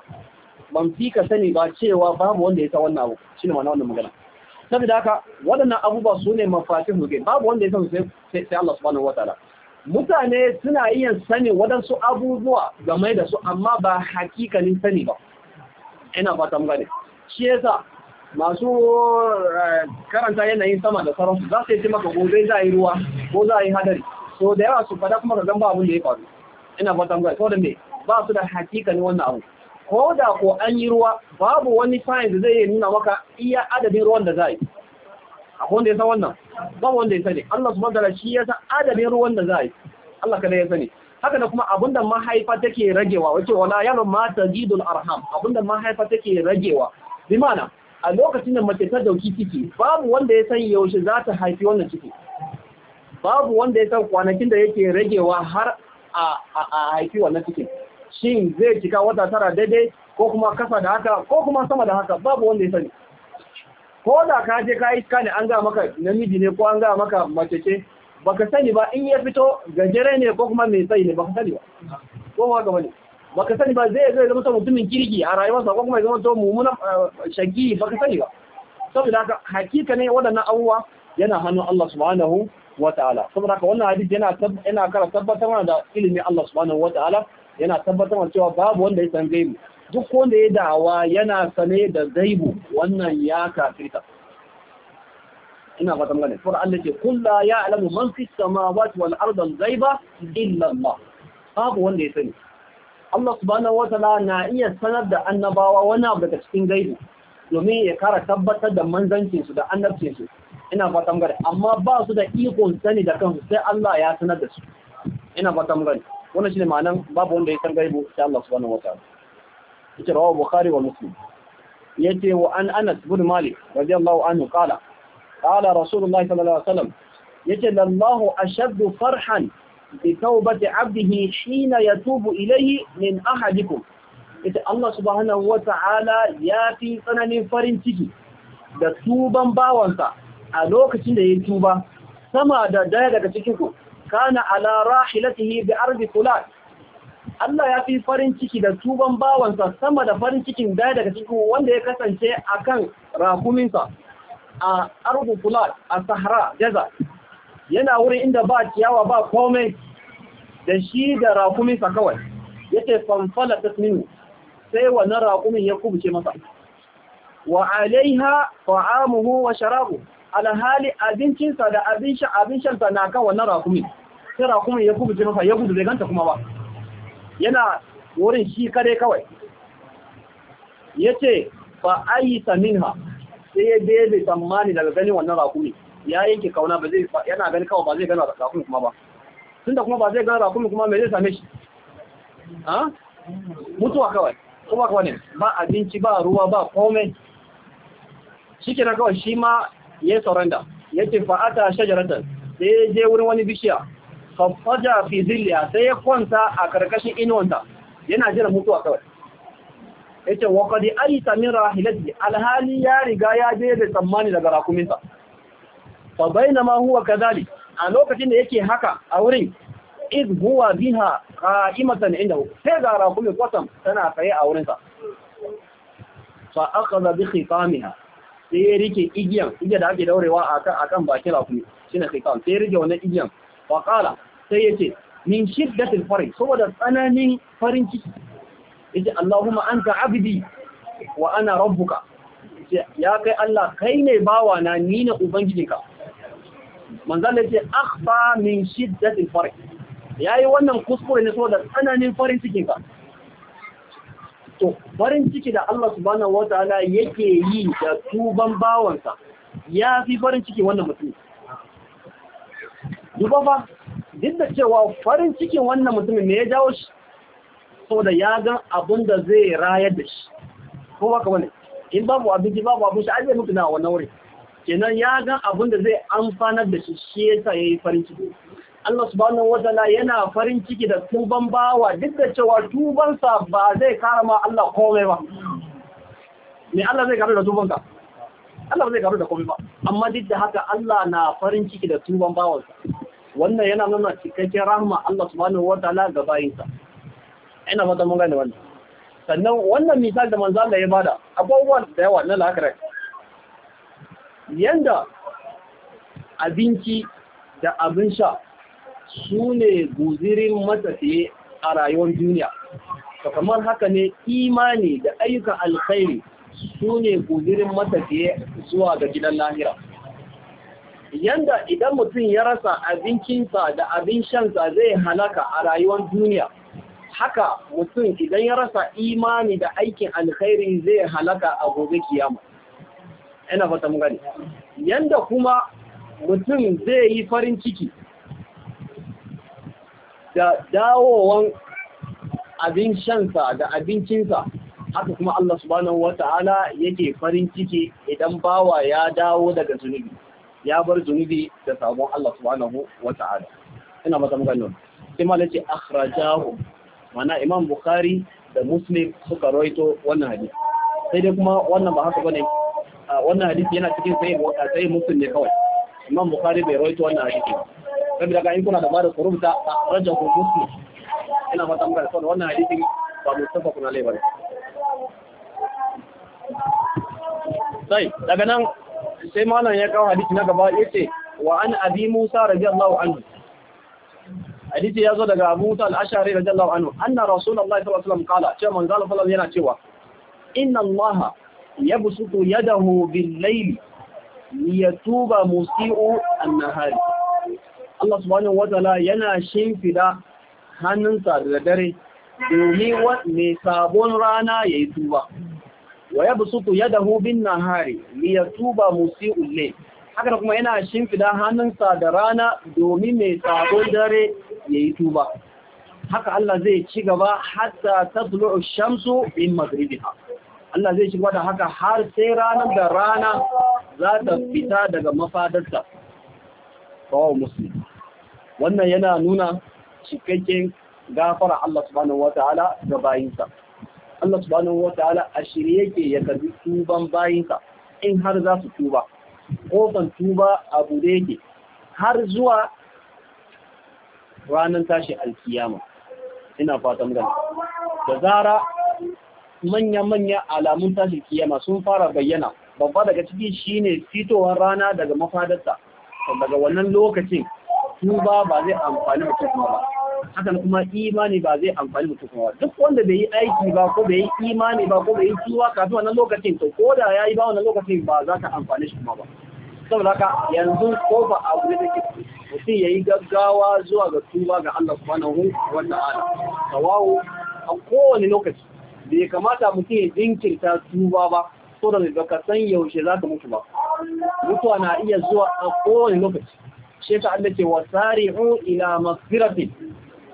ban fi ka sani ba cewa babu wanda ya sa wannan abu shine ma'ana wannan magana saboda haka waɗannan abubuwa su ne mafatihul ba babu wanda ya san sai sai Allah subhanahu wataala mutane suna iya sani waɗansu abubuwa game da su amma ba hakikalin sani ba ina ba mun gane shi yasa masu eh, karanta yanayin sama da sauransu za su yi maka gobe za a yi ruwa ko za a yi hadari so da yawa su fada kuma ka ba abin da ya faru ina fatan ga ko da me ba su da hakika ne wannan abu ko da ko an yi ruwa babu wani da zai nuna maka iya adadin ruwan da za yi akwai wanda ya san wannan ba wanda ya sani Allah subhanahu wataala shi ya san adadin ruwan da za yi Allah kada ya sani haka da kuma abinda mahaifa take ragewa wace wala yaro ma tajidul arham abinda mahaifa take ragewa bi mana a lokacin da mace ta dauki ciki babu wanda ya san yaushe za ta haifi wannan ciki babu wanda ya san kwanakin da yake ragewa har a haifi wannan cikin shin zai cika wata tara daidai ko kuma kasa da haka ko kuma sama da haka babu wanda ya sani ko da ka je ka yi ne an ga maka namiji ne ko an ga maka mace ce baka sani ba in ya fito gajere ne ko kuma mai sai ne baka sani ba ko ma gaba ne baka sani ba zai zai zama mutumin kirki a rayuwarsa ko kuma ya zama to mummunan eh, shagi baka sani ba saboda haka hakika ne waɗannan abubuwa yana hannun Allah subhanahu wa ta'ala saboda haka wannan hadisi yana yana kara tabbatar mana da ilimi Allah subhanahu wa ta'ala yana tabbatar mana cewa babu wanda ya san gaibu duk wanda ya dawa yana sane da gaibu wannan ya kafirta ina fatan gane sura Allah ce kullu ya'lamu man fi samawati wal ardi ghaiba illa Allah babu wanda ya sani Allah subhanahu wa ta'ala na iya sanar da annabawa wani abu daga cikin gaibu domin ya kara tabbatar da manzancin su da annabcin su ina fatan gari amma ba su da ikon sani da kansu sai Allah ya sanar da su ina fatan gari wannan shine ma'anan babu wanda ya san gaibu sai Allah subhanahu wataala yace rawahu bukhari wa muslim yace wa an anas bin malik radiyallahu anhu qala qala rasulullahi sallallahu alaihi wasallam yace lallahu ashaddu farhan bi tawbati abdihi hina yatubu ilayhi min ahadikum ita Allah subhanahu wa ta'ala ya fi tsananin farin ciki da tuban bawansa a lokacin da ya tuba sama da daya daga cikin ku kana ala rahilatihi bi ardi fulan Allah ya fi farin ciki da tuban bawansa sama da farin cikin daya daga cikin wanda ya kasance akan rakuminsa a ardi fulan a sahara jaza yana wurin inda ba ciyawa ba komai da shi da rakuminsa kawai yace fanfala tasminu sai wannan rakumin ya kubuce masa wa alaiha fa'amuhu wa sharagu. alhali abincinsa da abin shansa na kan wannan rakumi sai rakumi ya jin masa ya gudu bai ganta kuma ba yana wurin shi kare kawai ya ce fa ayi minha sai ya bebe tsammani daga ganin wannan rakumi ya yanke kauna ba zai yana gani kawai ba zai gana rakumi kuma ba tun da kuma ba zai gana rakumi kuma me zai same shi ha mutuwa kawai kuma kawai ne ba abinci ba ruwa ba komai shi kenan kawai shi ma ya saranda yake fa ata shajaratar sai ya je wurin wani bishiya fa fi zilliya sai ya kwanta a karkashin inuwanta yana jira mutuwa kawai ce wa kwadi ari samin rahilati alhali ya riga ya je da tsammani daga rakuminta fa bai na ma huwa zali, a lokacin da yake haka a wurin iz huwa biha inda hu sai ga rakumin kwatan tana tsaye a wurinsa fa aka zabi sai ya rike igiyan iya da ake daurewa akan akan bakin rakumi shine khitam sai ya rike wannan igiyan wa qala sai yace min shiddatil farin saboda tsananin farin ciki yace Allahumma anta abdi wa ana rabbuka ya kai Allah kai ne bawa na ni ne ubangijinka manzal yace akhfa min shiddatil farih yayi wannan kuskure ne saboda tsananin farin cikinka to farin ciki da Allah subhanahu wataala yake yi da tuban bawansa ya fi farin ciki wannan mutum duba ba duk da cewa farin cikin wannan mutumin me ya jawo shi saboda ya ga abin da zai rayar da shi ko ba kamar in babu abinci babu abin shi ajiye mutu na wannan wuri kenan ya ga abin da zai amfanar da shi shi yasa yayi farin ciki Allah subhanahu wataala yana farin ciki da tuban bawa duk da cewa tubansa ba zai kara ma Allah komai ba me Allah zai karu da tubanka Allah zai karu da komai ba amma duk da haka Allah na farin ciki da tuban bawansa wannan yana nuna cikakken rahma Allah subhanahu wataala ga bayinsa ina fata mun gane wannan sannan wannan misal da manzo Allah ya bada abubuwa da yawa na lakare yanda abinci da abin sha su ne guzirin matsafi a rayuwar duniya to kamar haka ne imani da ayyukan alkhairi su ne guzirin matafiye zuwa ga gidan lahira yanda idan mutum ya rasa abincinsa da abin shansa zai halaka a rayuwar duniya haka mutum idan ya rasa imani da aikin alkhairi zai halaka a gobe kiyama ina fata mun gani yanda kuma mutum zai yi farin ciki da dawowan abin shansa da abincinsa haka kuma Allah subhanahu wata'ala yake farin ciki idan bawa ya dawo daga zunubi ya bar zunubi da sabon Allah subhanahu wata'ala ina mata maganin sai ma lace akhrajahu mana Imam Bukhari da Muslim suka roito wannan hadisi sai dai kuma wannan ba haka bane wannan hadisi yana cikin sai sai Muslim ne kawai Imam Bukhari bai roito wannan hadisi saboda ga in kuna da bada kurumta a rajar kurkusu ina fata muka da sauna wannan hadisin ba mu tafa kuna laibar sai daga nan sai malam ya kawo hadisi na gaba ya ce wa an abi musa radiyallahu anhu hadisi ya zo daga abu musa al-ashari radiyallahu anhu anna rasulullahi sallallahu alaihi wasallam kala cewa manzo Allah sallallahu yana cewa inna allaha yabsutu yadahu bil layli liyatuba musii'u an-nahari Allah subhanahu wataala yana shimfida hannunsa da dare domin mai sabon rana ya yi tuba wa ya busutu ya dahu bin nahari liya tuba musi ulle haka kuma yana shimfida hannunsa da rana domin mai sabon dare ya yi tuba haka Allah zai ci gaba hatta tatlu'u shamsu bin magribiha Allah zai ci gaba da haka har sai ranar da rana za ta fita daga mafadarta. Oh, Muslim. wannan yana nuna cikakken gafara Allah subhanahu wata'ala ga bayinsa Allah subhanahu wata'ala a shirye yake ya karbi tuban bayinsa in har za su tuba kofan tuba a bude yake har zuwa ranar tashi alkiyama ina fatan gani da zara manya-manya alamun tashi kiyama sun fara bayyana babba daga ciki shine fitowar rana daga mafadarsa daga wannan lokacin tuba ba zai amfani mutum kuma ba haka kuma imani ba zai amfani mutum kuma ba duk wanda bai yi aiki ba ko bai yi imani ba ko bai yi tuba kafin wannan lokacin to ko da ya yi ba wannan lokacin ba za ta amfani shi kuma ba saboda haka yanzu ko ba abu ne take mutum ya yi gaggawa zuwa ga tuba ga Allah subhanahu wa ta'ala tawawu a kowane lokaci bai kamata mutum ya jinkirta tuba ba saboda baka san yaushe za ka mutu ba mutuwa na iya zuwa a kowane lokaci shi ta Allah ce wasari'u ila maghfiratin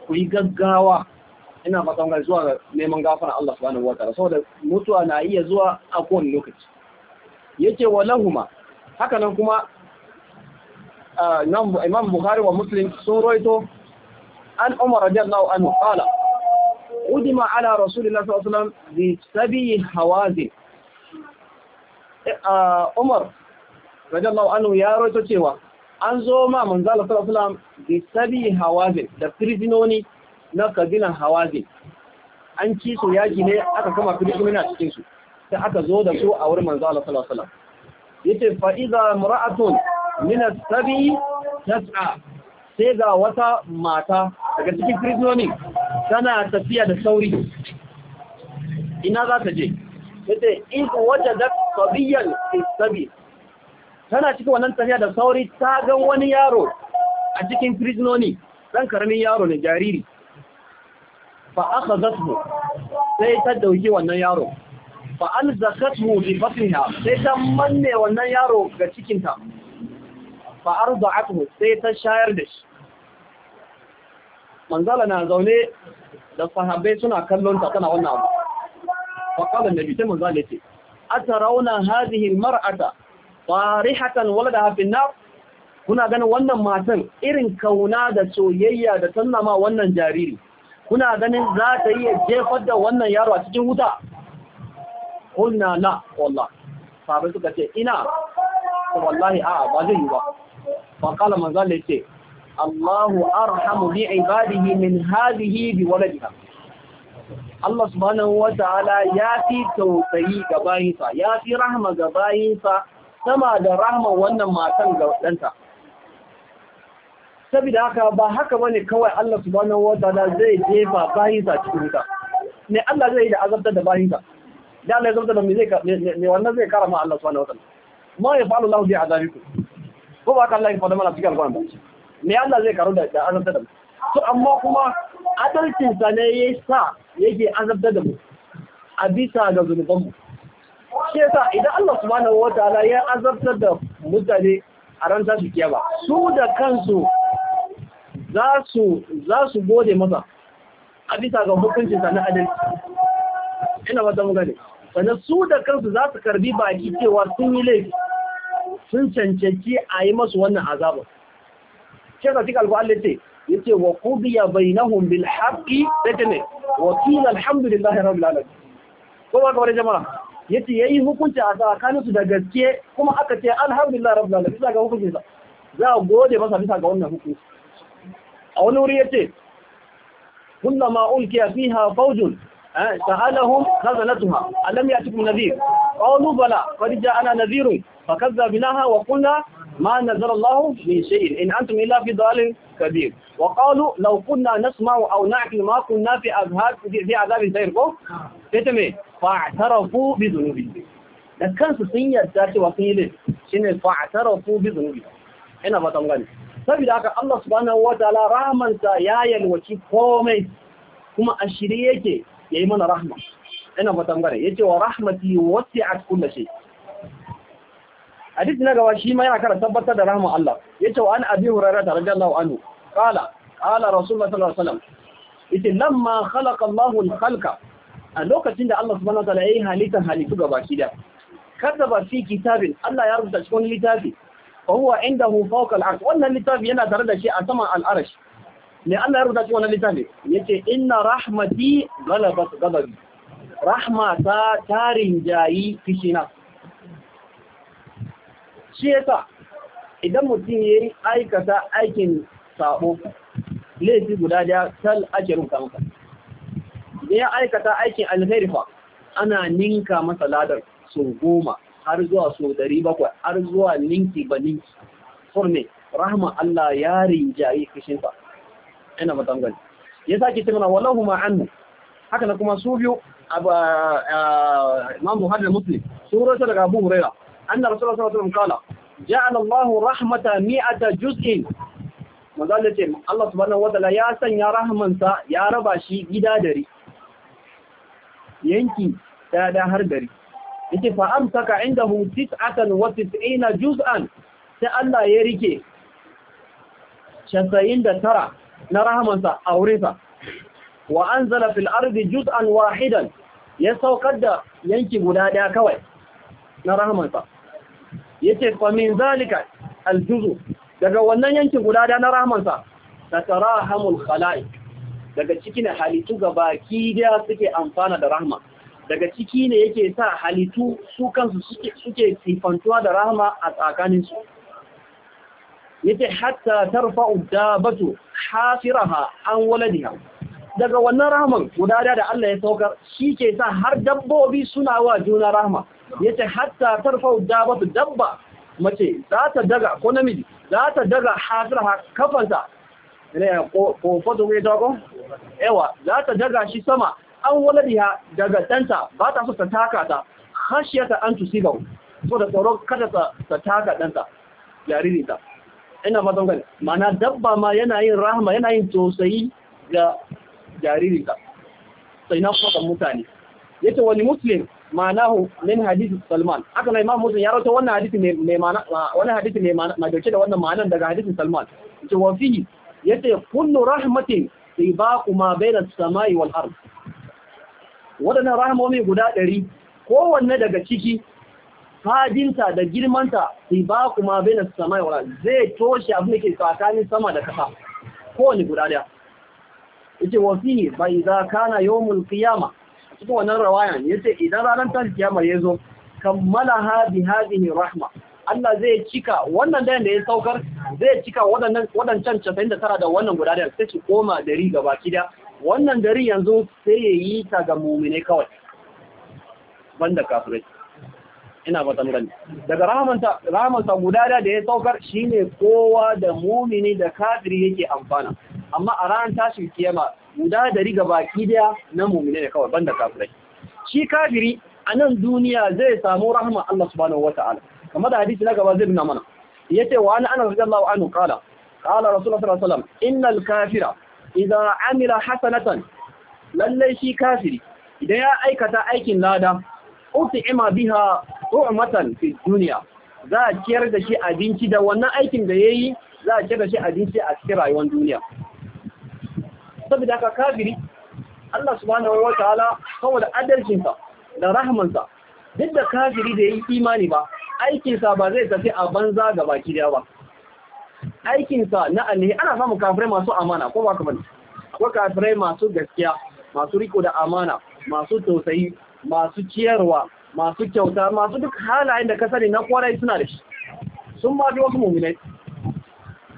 ku yi gaggawa ina fatan ga zuwa ga neman gafara Allah subhanahu ta'ala saboda mutuwa na iya zuwa a kowane lokaci yace walahuma haka nan kuma Imam Bukhari wa Muslim sun roito an Umar radiyallahu anhu qala udima ala rasulillahi sallallahu alaihi wasallam bi sabi hawazi eh, Umar radiyallahu anhu ya roito cewa an zo ma manzala sallallahu alaihi wasallam bi sabi hawazin da prisononi na kabilan hawazin an ci su yaki ne aka kama prisoners a cikin su sai aka zo da su a wurin manzala sallallahu alaihi wasallam yace fa iza mar'atun min as-sabi tas'a sai ga wata mata daga cikin prisononi tana tafiya da sauri ina za ta je yace in wajadat sabiyan fi sabi tana cikin wannan tafiya da sauri ta gan wani yaro a cikin prisononi ɗan karamin yaro ne jariri fa aka zatmu sai ta dauki wannan yaro fa an zakatmu bi batniha sai ta manne wannan yaro ga cikinta fa arda'athu sai ta shayar da shi manzala na zaune da sahabbai suna kallon ta tana wannan abu fa qala annabi sai manzala yace atarauna hadhihi almar'ata farihatan walada hafin na? kuna ganin wannan matan irin kauna da soyayya da ma wannan jariri kuna ganin za ta iya jefar da wannan yaro a cikin wuta kulna na, wallah sabai suka ce ina wallahi a'a ba zai yi ba fa qala ce Allahu arhamu bi ibadihi min hadhihi bi waladiha Allah subhanahu wa ta'ala ya fi tausayi ga bayinsa ya fi rahma ga bayinsa sama da rahman wannan matan ga ɗanta Sabida haka ba haka wani kawai Allah wata. wataala zai jefa bayinsa cikin wuta ne Allah zai yi da azabtar da bayinsa da Allah ya zabta da mai wannan zai ma Allah bane wata. ma ya fa'alu Allah a zariku. ko ba Allah ya faɗa mana cikin alƙur'ani ba me Allah zai karu da azabtar da mu to amma kuma adalcinsa ne ya sa yake azabtar da mu a bisa ga zunubanmu shi yasa idan Allah subhanahu wataala ya azabtar da mutane a ran su kiyama su da kansu za su za su gode masa a bisa ga hukuncin sa na adalci ina ba ta mu gane su da kansu za su karbi baki cewa sun yi laifi sun cancanci a yi masu wannan azabar shi ka cika alkuwa ce ya ce wa kubiya bai na humbil haƙi da ta ne wakil alhamdulillahi rabu lalata ko ba kamar jama'a ya ya yi hukunci a tsakaninsu da gaske kuma aka ce alhamdulillah rabu lalata bisa ga hukuncinsa za a gode masa bisa ga wannan hukunci a wani wuri ya ce kula ma'ul ke fi hafaujun ta halahun kaza na tuha alam ya cikin nazir ƙaunu bala kwari ana nazirun ba kaza binaha wa kula ma nazar allahu ne shi'ir in an tumi lafi zalin kabir wa ƙaunu laukuna na sumawa au na'akil makon na fi azhar fi azabin sayar ko? fa'tarafu bi dhunubi da kansu sun yarda cewa sun yi laifi shine fa'tarafu bi dhunubi ina fatan tangani saboda haka Allah subhanahu wataala rahmansa ya yalwaci komai kuma a shirye yake yi mana rahma ina ba tangani yace wa rahmati wasi'at kulli shay hadisi na gaba shi ma yana kara tabbatar da rahman Allah yace wa an abi hurairah radiyallahu anhu qala qala rasulullah sallallahu alaihi wasallam yace lamma khalaqa Allahu al-khalqa a lokacin da Allah subhanahu wataala yayi halittar halittu gabaki da kadaba fi kitabin Allah ya rubuta cikin littafi wa huwa indahu fawqa al wannan litafi yana tare da shi a saman al-arsh ne Allah ya rubuta cikin wannan litafi yace inna rahmati ghalabat ghadabi ta tarin jayi kishina shi yasa idan mutum yayi aikata aikin sabo laifi guda daya sal ake rubuta maka idan ya aikata aikin alheri fa ana ninka masa ladar so goma har zuwa so dari bakwai har zuwa ninki ba ninki furne rahama Allah ya rinjaye kishinsa ina matangani ya sake ce mana wallahu ma annu haka na kuma su biyu imam Buhari da Muslim sun rawaito daga Abu Hurairah anna Rasulullah sallallahu alaihi wasallam kala ja'ala Allahu rahmata mi'ata juz'in manzo ce Allah subhanahu wa ta'ala ya sanya rahmansa ya raba shi gida dari yanki ta da har gari yake fa amsaka indahu tis'atan wa tis'ina juz'an sai Allah ya rike 99 na rahamansa a wurinsa wa anzala fil ardi juz'an wahidan ya saukar da yanki guda daya kawai na rahamansa yace fa min zalika al juz'u daga wannan yanki guda daya na rahamansa tatarahamul khalaiq daga ciki ne halittu gaba daya suke amfana da rahma daga ciki ne yake sa halittu su kansu suke sifantuwa da rahma a tsakaninsu yake hatta tarfa'u dabatu hafiraha an waladiha daga wannan rahman guda da Allah ya saukar shi ke sa har dabbobi suna wa juna rahma yace hatta tarfa'u dabatu dabba mace za ta daga ko namiji za ta daga hafiraha kafanta ilaiha kofato mai dago yawa za ta daga shi sama an waladiya daga ɗanta ba ta so ta taka ta khashiyata an tusiba so da tsoro kada ta taka ɗanta jariri ta ina fatan gani mana dabba ma yanayin yin rahama yana yin ga jariri ta sai na fata mutane yace wani muslim ma'anahu min hadith Salman aka na imam Muslim ya rawaito wannan hadisi mai mana wannan hadisi mai mana dauke da wannan ma'anar daga hadisin Salman to wa fihi yace "Kunnu rahmatin sibaqu ma baina as-samai wal ard wadannan rahmomi guda 100 kowanne daga ciki fadinta da girmanta sibaqu ma baina as-samai wal ard zai toshe abin da ke tsakanin sama da kasa kowanne guda daya yace fi bai idza kana yawmul qiyama cikin wannan rawayan yace idan ranar ta kiyama yazo kammalaha bi hadhihi rahma Allah zai cika wannan dayan da ya saukar zai cika waɗannan waɗancan 99 da wannan guda da sai ci koma dari gaba da wannan dari yanzu sai ya yi ta ga mumine kawai banda kafirai ina ba tangani daga rahamanta rahamanta guda da da ya saukar shine kowa da mumini da kafiri yake amfana amma a ran tashin kiyama guda dari gaba da na mumine ne kawai banda kafirai shi kafiri a nan duniya zai samu rahama Allah subhanahu wata'ala kamar da hadisi na gaba zai nuna mana yace wa ana anas radiyallahu anhu qala qala rasulullah sallallahu alaihi wasallam innal kafira idza amila hasanatan lallai shi kafiri idan ya aikata aikin lada uti'ima biha tu'matan fi dunya za a ciyar da shi abinci da wannan aikin da yayi za a ciyar da shi abinci a cikin rayuwar duniya saboda aka kafiri Allah subhanahu wa ta'ala saboda adalcinsa da rahmansa duk da kafiri da yayi imani ba aikinsa ba zai tafi a banza ga baki daya ba aikinsa na alhi ana samun kafirai masu amana ko ba kamar akwai kafirai masu gaskiya masu riko da amana masu tausayi masu ciyarwa masu kyauta masu duk halayen da ka sani na kwarai suna da shi sun ma wasu mummunai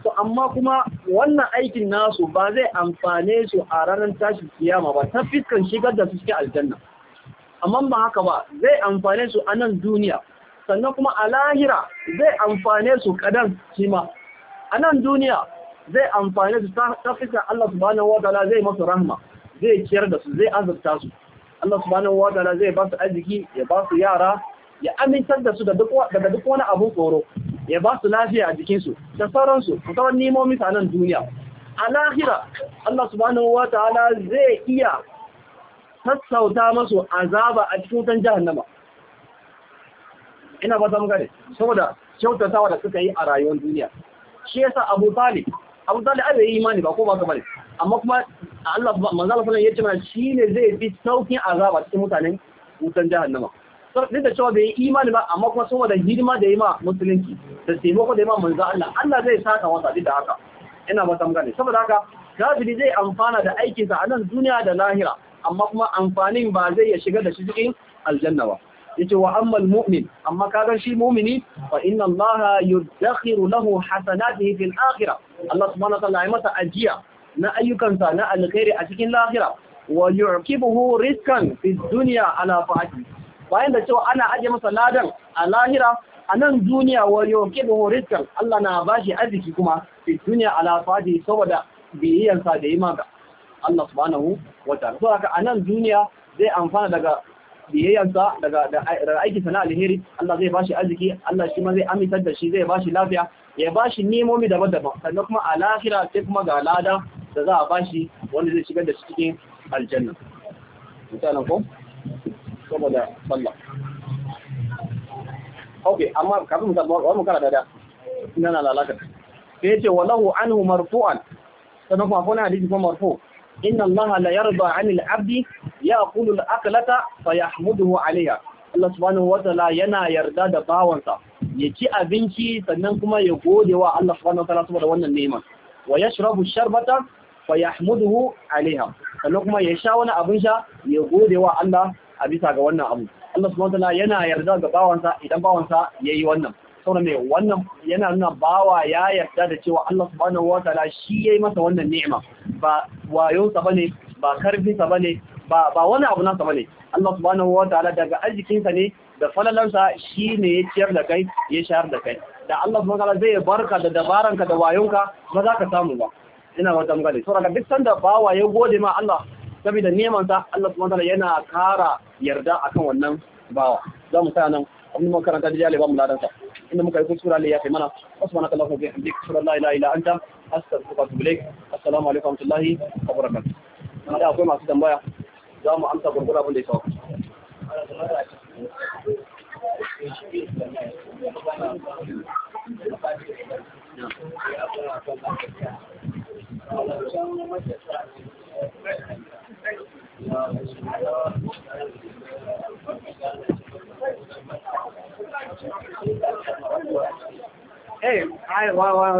to amma kuma wannan aikin nasu ba zai amfane su a ranar tashin kiyama ba ta fiskan shigar da su cikin aljanna amma ba haka ba zai amfane su a nan duniya sannan kuma a lahira zai amfane su kadan shi ma a nan duniya zai amfane su ta fiskar Allah subhanahu ta'ala zai masu rahma zai ciyar da su zai azurta su Allah subhanahu ta'ala zai ba su arziki ya ba su yara ya amintar da su daga duk wani abun tsoro ya ba su lafiya a jikinsu da sauransu ta sauran nimomi ta nan duniya a lahira Allah subhanahu ta'ala zai iya sassauta masu azaba a cikin wutan jahannama ina ba zama gane saboda kyautatawa da suka yi a rayuwar duniya shi yasa Abu Talib Abu Talib ai bai imani ba ko ba bane amma kuma Allah manzo Allah ya ce mana shi ne zai fi saukin azaba cikin mutanen wutan jahannama duk da cewa bai yi imani ba amma kuma saboda hidima da yi ma musulunci da taimako da yi ma manzo Allah Allah zai saka wasa duk da haka ina ba san gane saboda haka kafiri zai amfana da aikinsa a nan duniya da lahira amma kuma amfanin ba zai ya shiga da shi cikin aljanna ba yace wa ammal mu'min amma kaga shi mu'mini fa inna allaha yudakhiru lahu hasanatihi fil akhirah Allah subhanahu wa ta'ala ya masa ajiya na ayyukansa na alkhairi a cikin lahira wa yu'kibuhu rizqan fid dunya ala fa'ati bayan da cewa ana ajiye masa ladan a lahira a nan duniya wa yu'kibuhu rizqan Allah na bashi arziki kuma fid dunya ala fa'ati saboda biyayyansa da yi maga Allah subhanahu wa ta'ala so haka a nan duniya zai amfana daga biyayyansa daga aiki sana alheri Allah zai bashi arziki Allah shi ma zai amintar da shi zai bashi lafiya ya bashi nemomi daban-daban sannan kuma a lahira sai kuma ga lada da za a bashi wanda zai shigar da shi cikin aljanna mutanen ko saboda sallah ok amma kafin mu tabbata wani kara dada ina na lalaka sai ce walahu anhu marfu'an sannan kuma akwai hadisi kuma marfu' inna allaha la yarda 'anil 'abdi yaqulu al-aqlata fa yahmuduhu 'alayha Allah subhanahu wataala yana yarda da bawansa ya ci abinci sannan kuma ya gode wa Allah subhanahu wataala saboda wannan neman wa yashrabu sharbata fa yahmuduhu 'alayha sannan kuma ya sha wani abin sha ya gode wa Allah a bisa ga wannan abu Allah subhanahu wataala yana yarda ga bawansa idan bawansa yayi wannan saboda mai wannan yana nuna bawa ya yarda da cewa Allah subhanahu ta'ala shi yayi masa wannan ni'ima ba wayonsa bane ba karfinsa bane ba ba wani abu nasa bane Allah subhanahu ta'ala daga arzikinsa ne da falalansa shi ne ya ciyar da kai ya shayar da kai da Allah subhanahu ta'ala zai barka da dabaranka da wayonka ba za ka samu ba ina wata magana saboda duk sanda bawa ya gode ma Allah saboda neman sa Allah subhanahu ta'ala yana kara yarda akan wannan bawa za mu sa nan abin makaranta da jale ba mu sa إنما كيقول سورة لي يا أخي منا أسمعك الله وبحمدك سورة لا إله إلا أنت أستغفرك وبليك السلام عليكم ورحمة الله وبركاته أنا أقول مع سيدنا مبايا زام أنت بربرا بندي صوت Thank you. eh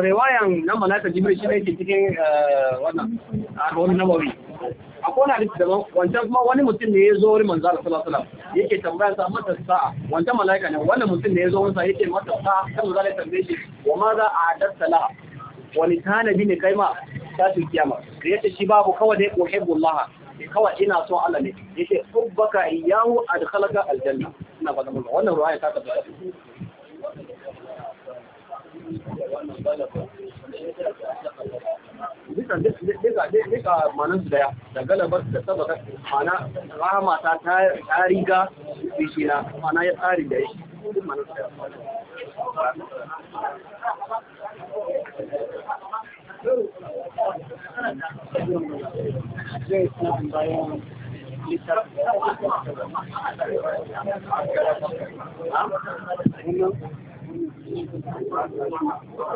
riwayan nan malaka jibril shi ne cikin eh, wannan nabawi a kona da daban wancan kuma wani mutum ne ya zo wurin manzo Allah sallallahu alaihi wasallam yake tambaya sa mata sa'a wancan malaika ne wannan mutum ne ya zo wurin yake mata sa'a sai manzo Allah ya tambaye shi wa ma za a adatta la wani tanadi ne kai ma ta su kiyama da yace shi babu kawai da yuhibbu Allah kawai ina so Allah ne yace hubbaka iyyahu adkhalaka aljanna ina fata mun wannan ruwaya ta tabbata Thank you. ta zai suna bayan littafi